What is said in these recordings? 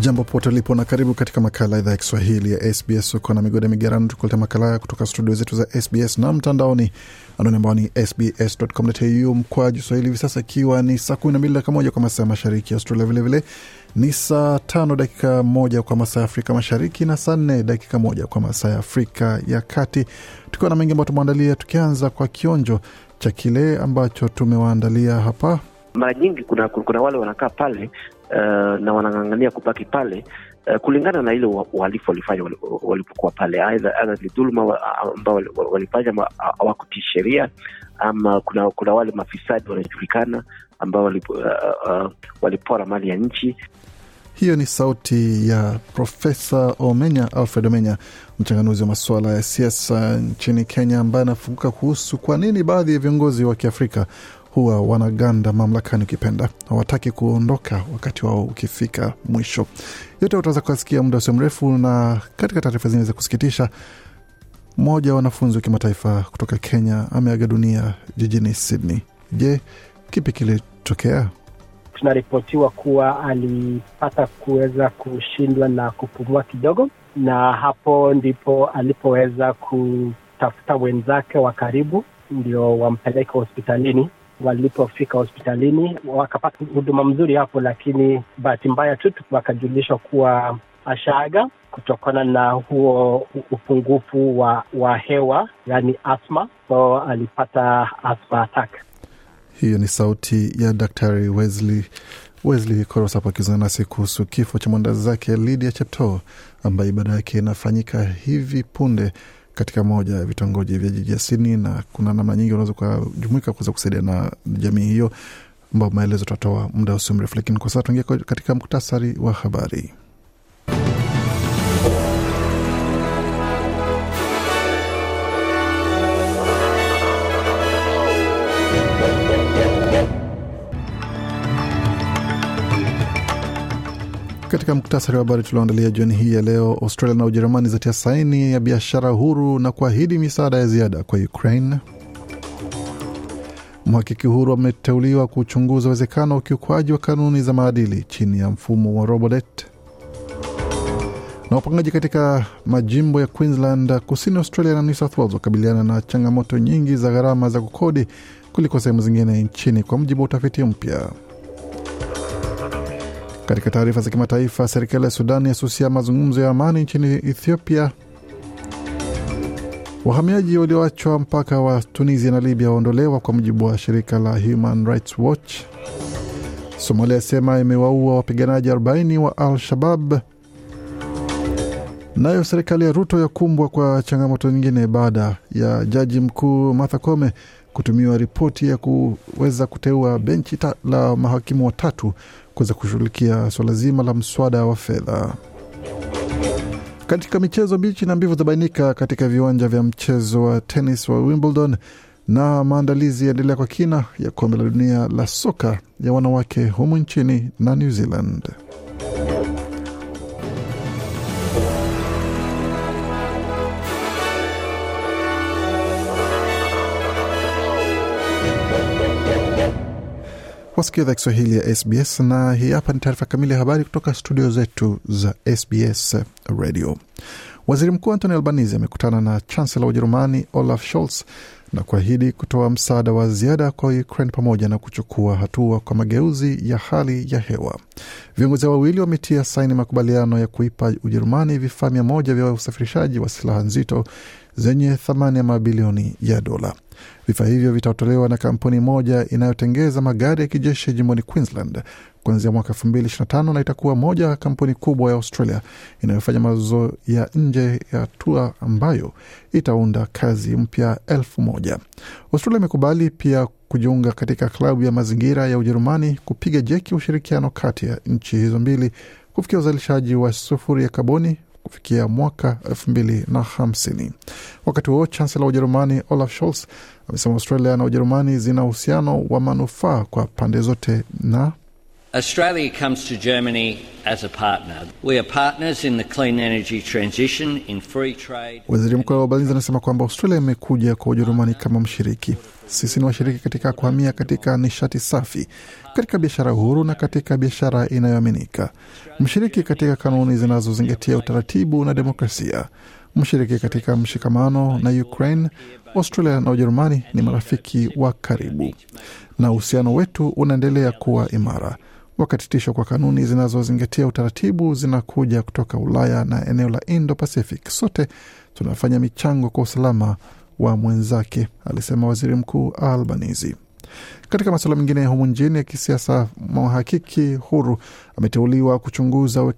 Jambo popote ulipo na karibu katika makala idhaa ya Kiswahili ya SBS. Uko na migode migerano, tukulete makala haya kutoka studio zetu za SBS na mtandaoni, anwani ambao ni sbs.com.au mkwaju swahili, hivi sasa ikiwa ni saa kumi na mbili dakika moja kwa masaa ya mashariki ya Australia, vilevile ni saa tano dakika moja kwa masaa ya Afrika Mashariki na saa nne dakika moja kwa masaa ya Afrika ya Kati, tukiwa na mengi ambayo tumeandalia, tukianza kwa kionjo cha kile ambacho tumewaandalia hapa. Mara nyingi kuna, kuna wale wanakaa pale Eh, na wanang'ang'ania kubaki pale uh, kulingana na ile uhalifu walifanya walipokuwa pale, aidha ni dhuluma ambao walifanya hawakutii sheria, ama kuna, kuna wale mafisadi wanajulikana ambao uh, uh, walipora mali ya nchi. Hiyo ni sauti ya Profesa Omenya, Alfred Omenya, mchanganuzi wa masuala ya siasa nchini Kenya, ambaye anafunguka kuhusu kwa nini baadhi ya viongozi wa Kiafrika huwa wanaganda mamlakani, ukipenda hawataki kuondoka wakati wao ukifika mwisho. Yote utaweza kuasikia muda usio mrefu, na katika taarifa zingine za kusikitisha mmoja wa wanafunzi wa kimataifa kutoka Kenya ameaga dunia jijini Sydney. Je, kipi kilitokea? Tunaripotiwa kuwa alipata kuweza kushindwa na kupumua kidogo, na hapo ndipo alipoweza kutafuta wenzake wa karibu ndio wampeleke hospitalini walipofika hospitalini wakapata huduma mzuri hapo, lakini bahati mbaya tu wakajulishwa kuwa ashaaga kutokana na huo upungufu wa, wa hewa yani asma, so alipata asma attack. Hiyo ni sauti ya Daktari Wesley Wesley Koros hapo akizungumza nasi kuhusu kifo cha zake Lydia chepto ambaye ibada yake inafanyika hivi punde katika moja ya vitongoji vya jiji Yasini, na kuna namna nyingi unaweza ukajumuika kuweza kusaidia na jamii hiyo, ambao maelezo tutatoa muda usio mrefu, lakini kwa sasa tuingia katika muktasari wa habari. katika muktasari wa habari tulioandalia jioni hii ya leo, Australia na Ujerumani zatia saini ya biashara huru na kuahidi misaada ya ziada kwa Ukraine. Mhakiki huru ameteuliwa kuchunguza uwezekano wa ukiukwaji wa kanuni za maadili chini ya mfumo wa robodet. Na wapangaji katika majimbo ya Queensland, kusini Australia na New South Wales wakabiliana na changamoto nyingi za gharama za kukodi kuliko sehemu zingine nchini, kwa mujibu wa utafiti mpya. Katika taarifa za kimataifa, serikali ya Sudani yasusia mazungumzo ya amani nchini Ethiopia. Wahamiaji walioachwa mpaka wa Tunisia na Libya waondolewa kwa mujibu wa shirika la Human Rights Watch. Somalia yasema imewaua wapiganaji 40 wa Al-Shabab. Nayo serikali ya Ruto yakumbwa kwa changamoto nyingine baada ya jaji mkuu Martha Koome kutumiwa ripoti ya kuweza kuteua benchi la mahakimu watatu kuweza kushughulikia suala zima la mswada wa fedha. Katika michezo, bichi na mbivu zabainika katika viwanja vya mchezo wa tenis wa Wimbledon na maandalizi yaendelea kwa kina ya kombe la dunia la soka ya wanawake humu nchini na New Zealand. wasikiliza Kiswahili ya SBS na hii hapa ni taarifa kamili ya habari kutoka studio zetu za SBS Radio. Waziri Mkuu Anthony Albanese amekutana na chancela wa Ujerumani Olaf Scholz na kuahidi kutoa msaada wa ziada kwa Ukraine pamoja na kuchukua hatua kwa mageuzi ya hali ya hewa. Viongozi wawili wametia saini makubaliano ya kuipa Ujerumani vifaa mia moja vya usafirishaji wa silaha nzito zenye thamani ya mabilioni ya dola. Vifaa hivyo vitatolewa na kampuni moja inayotengeza magari ya kijeshi jimboni Queensland kuanzia mwaka 2025 na itakuwa moja ya kampuni kubwa ya Australia inayofanya mazo ya nje ya hatua ambayo itaunda kazi mpya elfu moja. Australia imekubali pia kujiunga katika klabu ya mazingira ya Ujerumani kupiga jeki ushirikiano kati ya nchi hizo mbili kufikia uzalishaji wa sufuri ya kaboni kufikia mwaka elfu mbili na hamsini. Wakati huo chancela wa Ujerumani Olaf Scholz amesema Australia na Ujerumani zina uhusiano wa manufaa kwa pande zote na Australia comes to Germany as a partner. We are partners in the clean energy transition, in free trade. Waziri Mkuu wa Ubalinzi anasema kwamba Australia imekuja kwa Ujerumani kama mshiriki. Sisi ni washiriki katika kuhamia katika nishati safi, katika biashara huru na katika biashara inayoaminika, mshiriki katika kanuni zinazozingatia utaratibu na demokrasia, mshiriki katika mshikamano na Ukraine. Australia na Ujerumani ni marafiki wa karibu, na uhusiano wetu unaendelea kuwa imara wakati tisho kwa kanuni zinazozingatia utaratibu zinakuja kutoka Ulaya na eneo la Indo Pacific. Sote tunafanya michango kwa usalama wa mwenzake, alisema waziri mkuu Albanizi. Katika masuala mengine ya humu nchini ya kisiasa, mhakiki huru ameteuliwa kuchunguza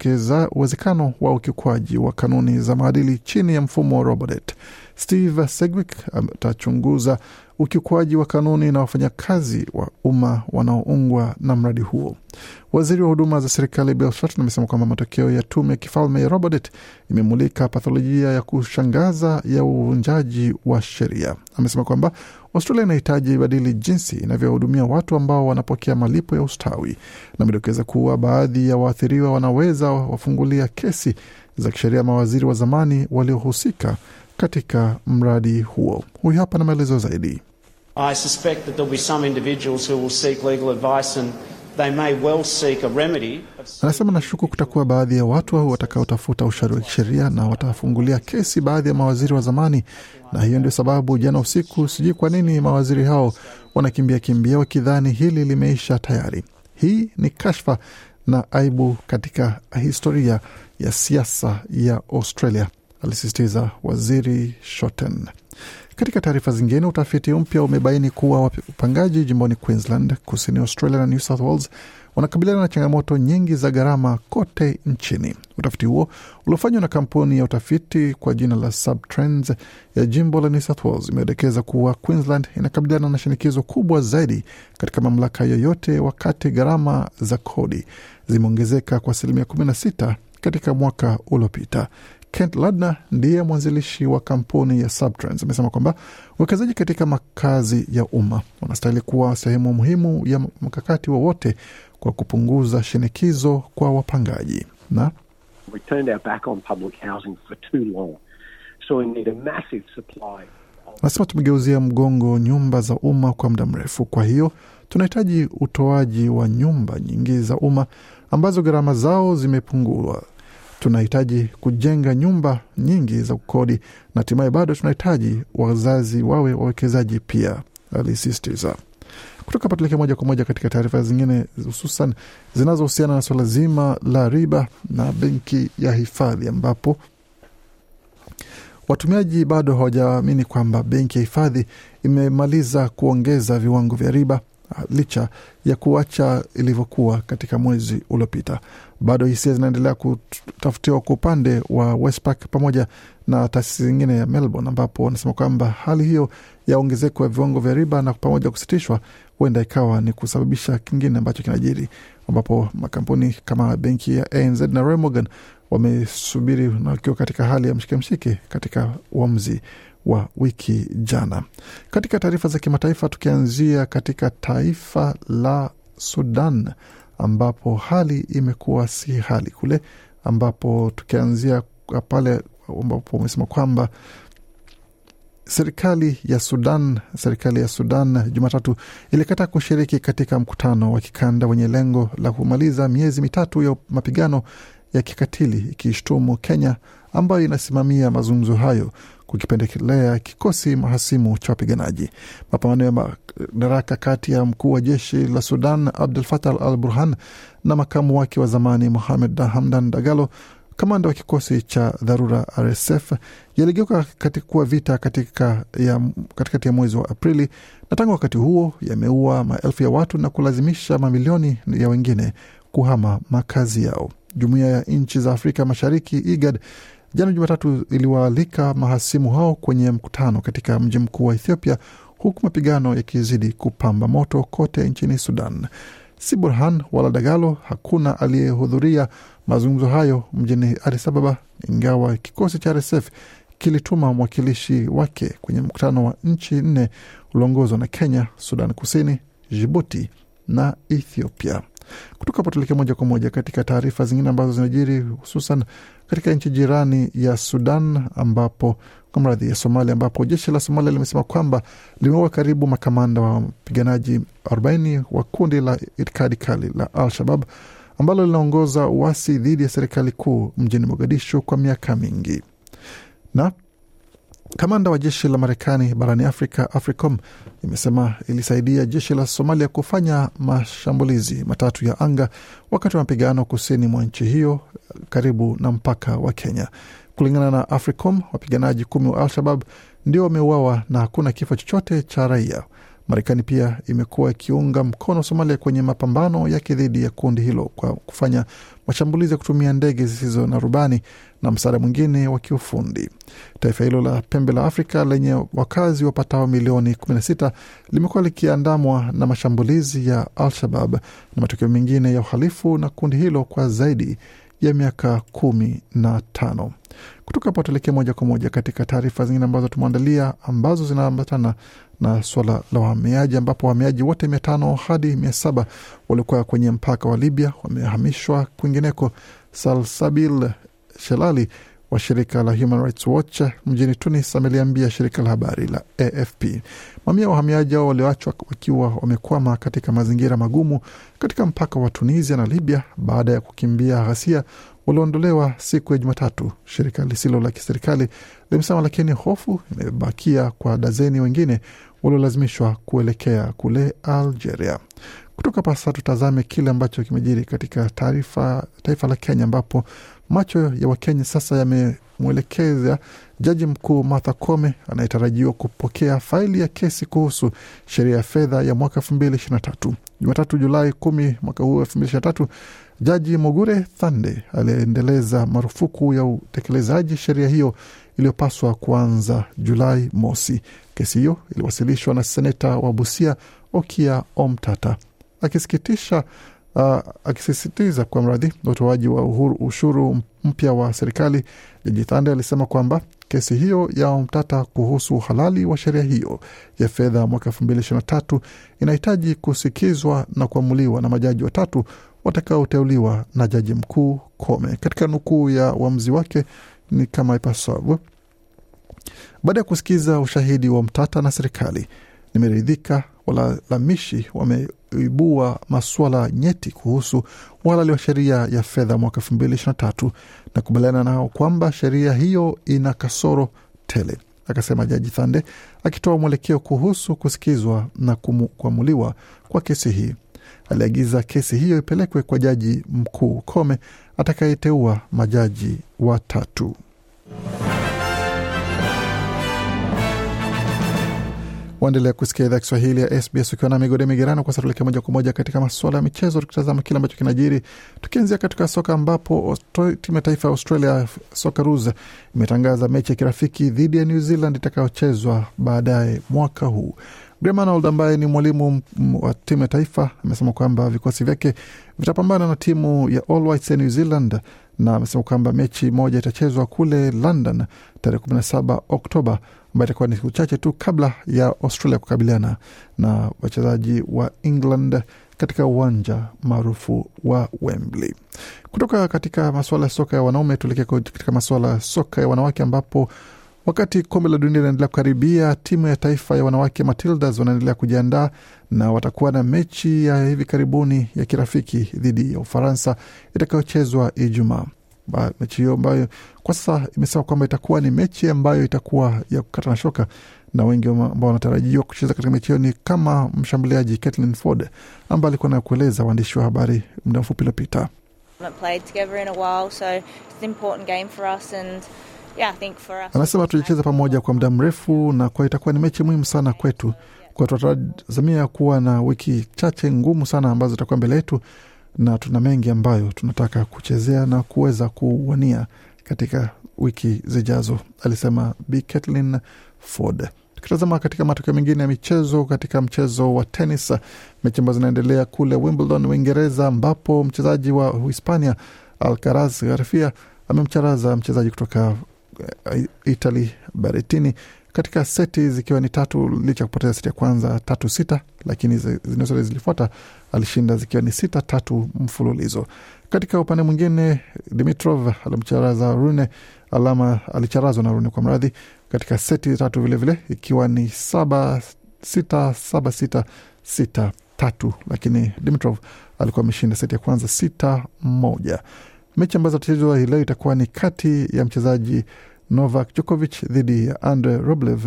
uwezekano wa ukiukwaji wa kanuni za maadili chini ya mfumo wa Robodebt. Steve Segwick atachunguza ukiukwaji wa kanuni na wafanyakazi wa umma wanaoungwa na mradi huo. Waziri wa huduma za serikali Bill amesema kwamba matokeo ya tume ya kifalme ya Robodet imemulika patholojia ya kushangaza ya uvunjaji wa sheria. Amesema kwamba Australia inahitaji ibadili jinsi inavyohudumia watu ambao wanapokea malipo ya ustawi, na amedokeza kuwa baadhi ya waathiriwa wanaweza wafungulia kesi za kisheria mawaziri wa zamani waliohusika katika mradi huo. Huyu hapa na maelezo zaidi. I suspect that there'll be some individuals who will seek legal advice and they may well seek a remedy. Anasema nashuku kutakuwa baadhi ya watu watakaotafuta ushauri wa kisheria na watafungulia kesi baadhi ya mawaziri wa zamani, na hiyo ndio sababu jana usiku, sijui kwa nini mawaziri hao wanakimbia kimbia wakidhani hili limeisha tayari. Hii ni kashfa na aibu katika historia ya siasa ya Australia alisisitiza waziri Shoten. Katika taarifa zingine, utafiti mpya umebaini kuwa wapangaji jimboni Queensland, kusini Australia na New South Wales wanakabiliana na changamoto nyingi za gharama kote nchini. Utafiti huo uliofanywa na kampuni ya utafiti kwa jina la Subtrends ya jimbo la New South Wales kuwa Queensland inakabiliana na shinikizo kubwa zaidi katika mamlaka yoyote, wakati gharama za kodi zimeongezeka kwa asilimia 16 katika mwaka uliopita. Kent Ladner ndiye mwanzilishi wa kampuni ya Subtrans amesema kwamba uwekezaji katika makazi ya umma unastahili kuwa sehemu muhimu ya mkakati wowote kwa kupunguza shinikizo kwa wapangaji na nasema tumegeuzia mgongo nyumba za umma kwa muda mrefu, kwa hiyo tunahitaji utoaji wa nyumba nyingi za umma ambazo gharama zao zimepungua tunahitaji kujenga nyumba nyingi za kukodi na hatimaye bado tunahitaji wazazi wawe wawekezaji pia, alisistiza Kutoka patuleke moja kwa moja katika taarifa zingine, hususan zinazohusiana na swala zima la riba na benki ya hifadhi, ambapo watumiaji bado hawajaamini kwamba benki ya hifadhi imemaliza kuongeza viwango vya riba licha ya kuacha ilivyokuwa katika mwezi uliopita. Bado hisia zinaendelea kutafutiwa kwa upande wa Westpac pamoja na taasisi zingine ya Melbourne, ambapo wanasema kwamba hali hiyo ya ongezeko ya viwango vya riba na pamoja kusitishwa huenda ikawa ni kusababisha kingine ambacho kinajiri, ambapo makampuni kama benki ya ANZ na Royal Morgan wamesubiri na wakiwa katika hali ya mshike mshike katika uamuzi wa wiki jana. Katika taarifa za kimataifa, tukianzia katika taifa la Sudan ambapo hali imekuwa si hali kule, ambapo tukianzia pale ambapo umesema kwamba serikali ya Sudan, serikali ya Sudan Jumatatu ilikataa kushiriki katika mkutano wa kikanda wenye lengo la kumaliza miezi mitatu ya mapigano ya kikatili, ikishtumu Kenya ambayo inasimamia mazungumzo hayo kukipendekelea kikosi mahasimu cha wapiganaji. Mapambano ya madaraka kati ya mkuu wa jeshi la Sudan Abdul Fatah al Burhan na makamu wake wa zamani muhamed Hamdan Dagalo, kamanda wa kikosi cha dharura RSF, yaligeuka kuwa vita katika ya, katikati ya mwezi wa Aprili, na tangu wakati huo yameua maelfu ya watu na kulazimisha mamilioni ya wengine kuhama makazi yao. Jumuiya ya nchi za Afrika Mashariki IGAD Jana Jumatatu iliwaalika mahasimu hao kwenye mkutano katika mji mkuu wa Ethiopia, huku mapigano yakizidi kupamba moto kote nchini Sudan. Si Burhan wala Dagalo, hakuna aliyehudhuria mazungumzo hayo mjini Addis Ababa, ingawa kikosi cha RSF kilituma mwakilishi wake kwenye mkutano wa nchi nne ulioongozwa na Kenya, Sudan Kusini, Jibuti na Ethiopia. Kutoka hapo moja kwa moja katika taarifa zingine ambazo zinajiri hususan katika nchi jirani ya Sudan ambapo kwa mradhi ya Somalia, ambapo jeshi la Somalia limesema kwamba limeua karibu makamanda wa wapiganaji 40 wa kundi la itikadi kali la Al-Shabab ambalo linaongoza uasi dhidi ya serikali kuu mjini Mogadishu kwa miaka mingi. Na Kamanda wa jeshi la Marekani barani Afrika, AFRICOM, imesema ilisaidia jeshi la Somalia kufanya mashambulizi matatu ya anga wakati wa mapigano kusini mwa nchi hiyo karibu na mpaka wa Kenya. Kulingana na AFRICOM, wapiganaji kumi wa Al-Shabab ndio wameuawa na hakuna kifo chochote cha raia. Marekani pia imekuwa ikiunga mkono Somalia kwenye mapambano yake dhidi ya kundi hilo kwa kufanya mashambulizi ya kutumia ndege zisizo na rubani na msaada mwingine wa kiufundi. Taifa hilo la pembe la Afrika lenye wakazi wapatao milioni 16 limekuwa likiandamwa na mashambulizi ya Al-Shabab na matukio mengine ya uhalifu na kundi hilo kwa zaidi ya miaka kumi na tano. Kutoka hapo tuelekee moja kwa moja katika taarifa zingine ambazo tumeandalia ambazo zinaambatana na suala la wahamiaji, ambapo wahamiaji wote mia tano hadi mia saba waliokuwa kwenye mpaka wa Libya wamehamishwa kwingineko. Salsabil Shelali wa shirika la Human Rights Watch mjini Tunis ameliambia shirika la habari la AFP. Mamia wahamiaji hao walioachwa wakiwa wamekwama katika mazingira magumu katika mpaka wa Tunisia na Libya baada ya kukimbia ghasia walioondolewa siku ya Jumatatu, shirika lisilo la kiserikali limesema, lakini hofu imebakia kwa dazeni wengine waliolazimishwa kuelekea kule Algeria. Kutoka pasa tutazame kile ambacho kimejiri katika taarifa taifa la Kenya ambapo Macho ya Wakenya sasa yamemwelekeza jaji mkuu Martha Koome anayetarajiwa kupokea faili ya kesi kuhusu sheria ya fedha ya mwaka tatu. Jumatatu Julai kumi mwaka huu tatu, Jaji Mogure Thande aliendeleza marufuku ya utekelezaji sheria hiyo iliyopaswa kuanza Julai mosi. Kesi hiyo iliwasilishwa na seneta wa Busia Okia Omtata. Akisikitisha Uh, akisisitiza kwa mradhi utoaji wa uhuru, ushuru mpya wa serikali, Jaji Thande alisema kwamba kesi hiyo ya mtata kuhusu uhalali wa sheria hiyo ya fedha mwaka tatu inahitaji kusikizwa na kuamuliwa na majaji watatu watakaoteuliwa na jaji mkuu Kome. Katika nukuu ya uamuzi wake ni kama ipasavyo: baada ya kusikiza ushahidi wa mtata na serikali, nimeridhika walalamishi wame kuibua masuala nyeti kuhusu uhalali wa sheria ya fedha mwaka 223 na kubaliana nao kwamba sheria hiyo ina kasoro tele, akasema Jaji Thande akitoa mwelekeo kuhusu kusikizwa na kuamuliwa kwa kesi hii. Aliagiza kesi hiyo ipelekwe kwa Jaji Mkuu Kome atakayeteua majaji watatu. Waendelea kusikia idhaa Kiswahili ya SBS ukiwa na migode migerano. Kwa sasa tuelekea moja kwa moja katika masuala ya michezo, tukitazama kile ambacho kinajiri, tukianzia katika soka ambapo timu ya taifa ya Australia Socceroos imetangaza mechi ya kirafiki dhidi ya New Zealand itakayochezwa baadaye mwaka huu. Graham Arnold ambaye ni mwalimu wa timu ya taifa amesema kwamba vikosi vyake vitapambana na timu ya All Whites ya New Zealand na amesema kwamba mechi moja itachezwa kule London tarehe 17 Oktoba ambayo itakuwa ni siku chache tu kabla ya Australia kukabiliana na wachezaji wa England katika uwanja maarufu wa Wembley. Kutoka katika masuala ya soka ya wanaume, tuelekea katika masuala ya soka ya wanawake ambapo Wakati kombe la dunia linaendelea kukaribia, timu ya taifa ya wanawake Matildas wanaendelea kujiandaa na watakuwa na mechi ya hivi karibuni ya kirafiki dhidi ya Ufaransa itakayochezwa Ijumaa ba, mechi hiyo ambayo kwa sasa imesema kwamba itakuwa ni mechi ambayo itakuwa ya kukata na shoka, na wengi ambao wanatarajiwa kucheza katika mechi hiyo ni kama mshambuliaji Caitlin Ford ambaye alikuwa kueleza waandishi wa habari muda mfupi uliopita. Anasema tulicheza pamoja kwa muda mrefu, na kwa itakuwa ni mechi muhimu sana kwetu, kwa tunatazamia kuwa na wiki chache ngumu sana ambazo zitakuwa mbele yetu na tuna mengi ambayo tunataka kuchezea na kuweza kuwania katika wiki zijazo, alisema Bi Caitlin Ford. Tukitazama katika matokeo mengine ya michezo, katika mchezo wa tenis, mechi ambazo zinaendelea kule Wimbledon, Uingereza, ambapo mchezaji wa Hispania Alcaraz Garcia amemcharaza mchezaji kutoka eh, Italy Berrettini katika seti zikiwa ni tatu, licha ya kupoteza seti ya kwanza tatu sita, lakini zingine zilifuata alishinda zikiwa ni sita tatu mfululizo. Katika upande mwingine, Dimitrov alimcharaza Rune alama, alicharazwa na Rune kwa mradhi katika seti tatu vilevile vile, ikiwa ni saba sita saba sita sita tatu, lakini Dimitrov alikuwa ameshinda seti ya kwanza sita moja. Mechi ambazo atachezwa hii leo itakuwa ni kati ya mchezaji Novak Djokovic dhidi ya Andre Roblev.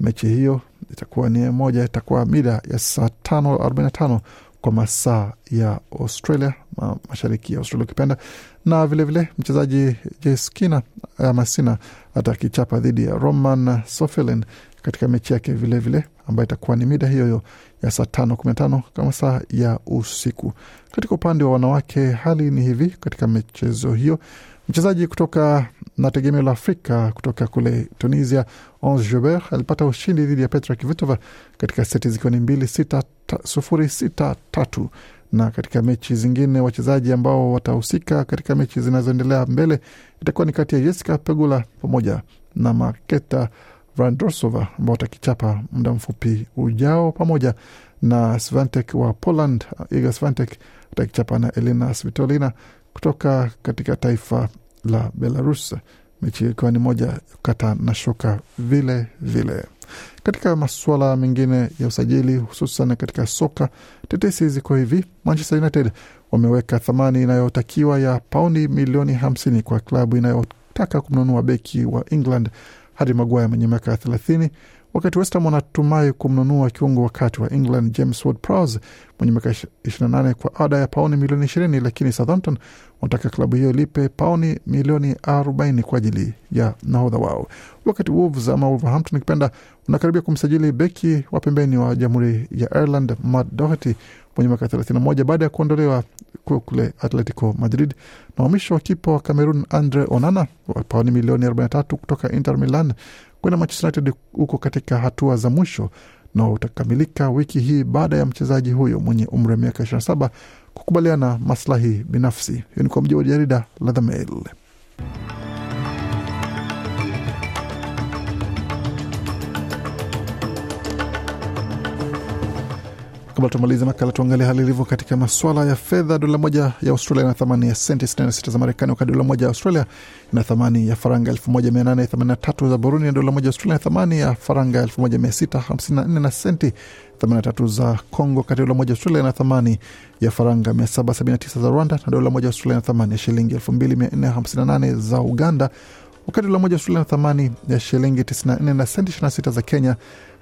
Mechi hiyo itakuwa ni moja, itakuwa mida ya saa tano arobaini na tano kwa masaa ya Australia, ma, mashariki ya Australia ukipenda. Na vilevile vile, mchezaji Jeskina eh, Masina atakichapa dhidi ya Roman Sofelin katika mechi yake vilevile ambayo itakuwa ni mida hiyo hiyo ya saa tano kumi na tano kama saa ya usiku. Katika upande wa wanawake, hali ni hivi katika michezo hiyo, mchezaji kutoka na tegemeo la Afrika kutoka kule Tunisia, Ange Jobert alipata ushindi dhidi ya Petra Kvitova katika seti zikiwa ni mbili sita sufuri sita tatu. Na katika mechi zingine wachezaji ambao watahusika katika mechi zinazoendelea mbele itakuwa ni kati ya Jessica Pegula pamoja na Marketa Vandrosova ambao watakichapa muda mfupi ujao, pamoja na Svantek wa Poland. Iga Svantek atakichapa na Elina Svitolina kutoka katika taifa la Belarus mechi ikiwa ni moja kata na shoka vile vile. Katika masuala mengine ya usajili, hususan katika soka, tetesi ziko hivi. Manchester United wameweka thamani inayotakiwa ya paundi milioni hamsini kwa klabu inayotaka kumnunua beki wa England Harry Maguire mwenye miaka thelathini wakati West Ham wanatumai kumnunua kiungo wakati wa England James Ward-Prowse mwenye miaka 28 kwa ada ya pauni milioni 20, lakini Southampton wanataka klabu hiyo ilipe pauni milioni 40 kwa ajili ya nahodha wao. Wakati Wolves ama Wolverhampton ikipenda unakaribia kumsajili beki wa pembeni wa Jamhuri ya Ireland Matt Doherty mwenye miaka 31 baada ya kuondolewa kule Atletico Madrid. Na uhamisho wa kipa wa Cameroon Andre Onana wa pauni milioni 43 kutoka Inter Milan kwenda Manchester United huko katika hatua za mwisho na utakamilika wiki hii baada ya mchezaji huyo mwenye umri wa miaka 27 kukubaliana maslahi binafsi. Hiyo ni kwa mujibu wa jarida la The Mail. Kabla tumalize makala, tuangalie hali ilivyo katika maswala ya fedha. Dola moja ya Australia ina thamani ya senti 66 za Marekani, wakati dola moja ya Australia ina thamani ya faranga 1883 za Burundi, na dola moja ya Australia ina thamani ya faranga 1654 na senti 83 za Congo, wakati dola moja ya Australia ina thamani ya faranga 779 za Rwanda, na dola moja ya Australia ina thamani ya shilingi 2458 za Uganda wakati dola moja Australia na thamani ya shilingi 94 na senti 26 za Kenya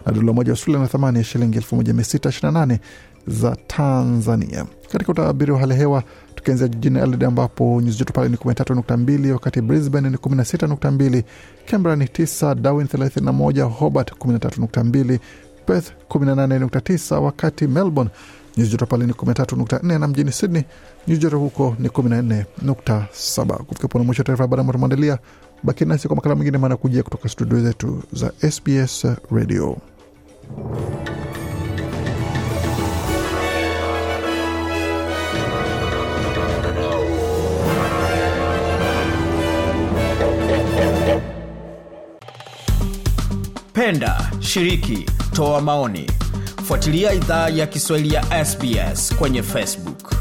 na dola moja Australia na thamani ya shilingi 1628 za Tanzania. Katika utabiri wa hali ya hewa tukianzia jijini Adelaide ambapo nyuzi joto pale ni 13.2, wakati Brisbane ni 16.2, Canberra ni 9, Darwin 31, Hobart 13.2, Perth 18.9, wakati Melbourne nyuzi joto pale ni 13.4 na mjini Sydney nyuzi joto huko ni 14.7. Kufikia pona mwisho wa taarifa habari ambayo tumeandalia. Baki nasi kwa makala mengine, maana kujia kutoka studio zetu za SBS Radio. Penda, shiriki, toa maoni. Fuatilia idhaa ya Kiswahili ya SBS kwenye Facebook.